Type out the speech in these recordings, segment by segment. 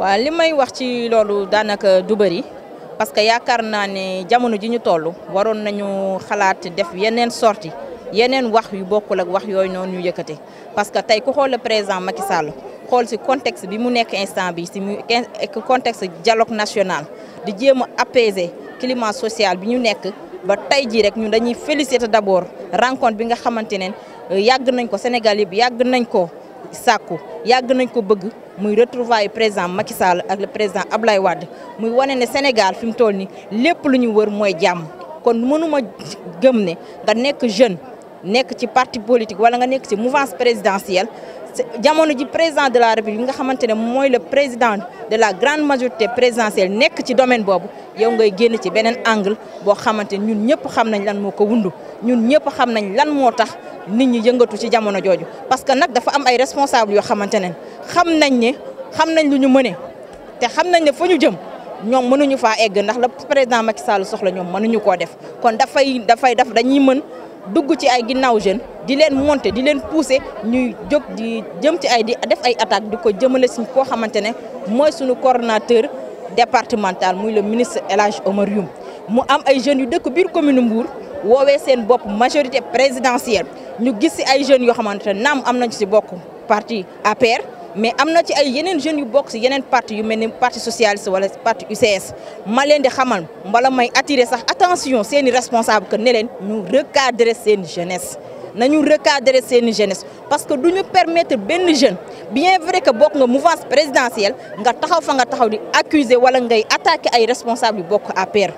waaw li may wax ci loolu daanaka du bëri parce que yaakaar naa ne jamono ji ñu toll waroon nañu xalaat def yeneen sorti yeneen wax yu bokkul ak wax yooyu noonu ñu yëkkate parce que tey ku xool le président Macky xool si contexte bi mu nekk instant bi si mu eh, contexte dialogue national di jéem a apaiser climat social bi ñu nekk ba tey jii rek ñun dañuy féliciter d'abord rencontre bi nga xamante ne yàgg nañ ko Sénégal yëpp yàgg nañ ko sàkku yàgg nañ ko bëgg muy retrouvaille président Macky Sall ak le président Ablaye muy wane ne Sénégal fi mu toll nii lépp lu ñu wër mooy jàmm kon mënuma gëm ne nga nekk jeune nekk ci parti politique wala nga nekk ci mouvance présidentielle jamono ji président de la république nga xamante ne mooy le président de la grande majorité présidentielle nekk ci domaine boobu yow ngay génn ci beneen angle boo xamante ne ñun ñëpp xam nañ lan moo ko wundu ñun ñëpp xam nañ lan moo tax nit ñi yëngatu ci jamono jooju. parce que nag dafa am ay responsable yoo xamante ne xam nañ ne xam nañ lu ñu mëne te xam nañ ne fa ñu jëm. ñoom mënuñu faa egg ndax la président Macky Sall soxla ñoom mënuñu koo def kon dafay dafay daf mën dugg ci ay ginnaw jeune di len monter di len pousser ñuy jog di jëm ci ay def ay attaque diko ko jëmale suñ ko xamantene moy suñu coordinateur départemental muy le ministre Elage Hadj Omar Youm mu am ay jeunes yu dekk biir commune Mbour wowe seen bop majorité présidentielle ñu gis ci ay jeunes yo xamantene nam amnañ ci bokku parti APR mais am na ci ay yeneen jeunes yu bokk si yeneen parti yu mel parti socialiste wala parti UCS ma leen di xamal mbala may attirer ça. attention c'est une responsable que ne leen ñu recadrer jeunesse Nous recadrer cette jeunesse parce que nous permettons permettre les jeune bien vrai que bokk nga mouvance présidentielle nga taxaw fa nga taxaw di accuser wala ngay attaquer ay responsable yu bokk APR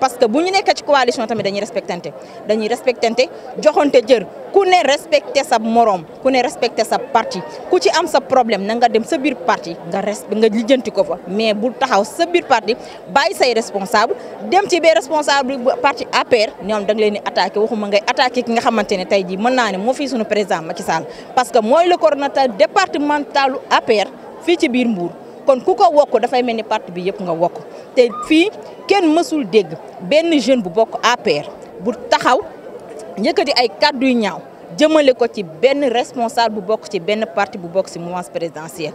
parce que nous sommes dans ci coalition tamit dañuy respectante dañuy respectante joxante jër ku ne respecté sa morom ku ne respecte sa parti ku ci am sa problème na nga dem sa biir parti nga res nga lijjanti ko fa mais bu taxaw sa biir parti bàyyi say responsable dem ci bee responsable parti APR ñoom da nga leen di attaqué waxuma ngay attaqué ki nga xamante ne tey jii mën naa ne moo fii suñu président Macky Sall parce que mooy la le coordonnateur départementalu APR fii ci biir mbuur kon ku ko wokk dafay mel ni parti bi yëpp nga wokk te fii kenn mësul dégg benn jeune bu bokk APR bu taxaw yëkkati ay kàddu yu ñaaw ko ci responsable bu bokk ci benn parti bu présidentielle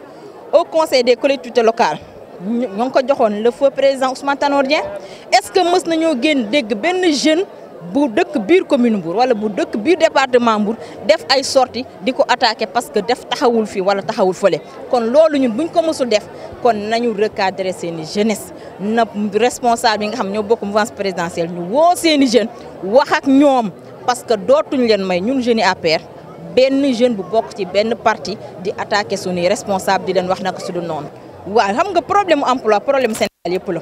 au conseil des collectivités locales Nous avons ko le feu président Ousmane Tanordien est-ce que nous avons génn dégg jeune bu dëkk biir commune Mbour wala bu dëkk biir département Mbour def ay sorti diko attaquer parce que def taxawul fi wala taxawul fële kon lolu ñun buñ ko mësul def kon nañu recadrer seeni jeunesse na responsable yi nga xam ñoo bokk vice présidentiel ñu wo seeni jeunes wax ak ñom parce que dootuñ leen may ñun jeune yi APR benn jeune bu bok ci benn parti di attaquer suñuy responsable di leen wax nak su dul noonu waaw xam nga problème emploi problème Sénégal yépp la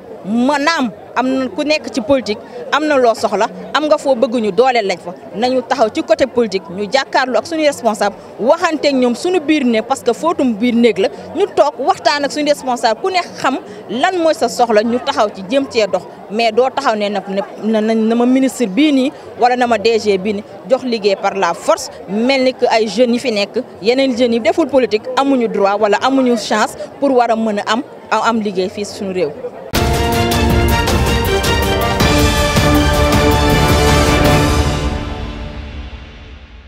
manam amna ku nek ci politique amna lo soxla am nga fo bëgg ñu lañ fa nañu taxaw ci côté politique ñu jakarlo ak suñu responsable waxante ak ñoom suñu biir ne parce que fotum biir néeg la ñu tok waxtaan ak suñu responsable ku ne xam lan moy sa soxla ñu taxaw ci jëm ci dox mais do taxaw ne na na ministre bi ni wala nama DG bi ni jox liguey par la force melni que ay jeune yi fi nek yeneen jeune yi deful politique amuñu droit wala amuñu chance pour wara mëna am am liguey fi suñu rew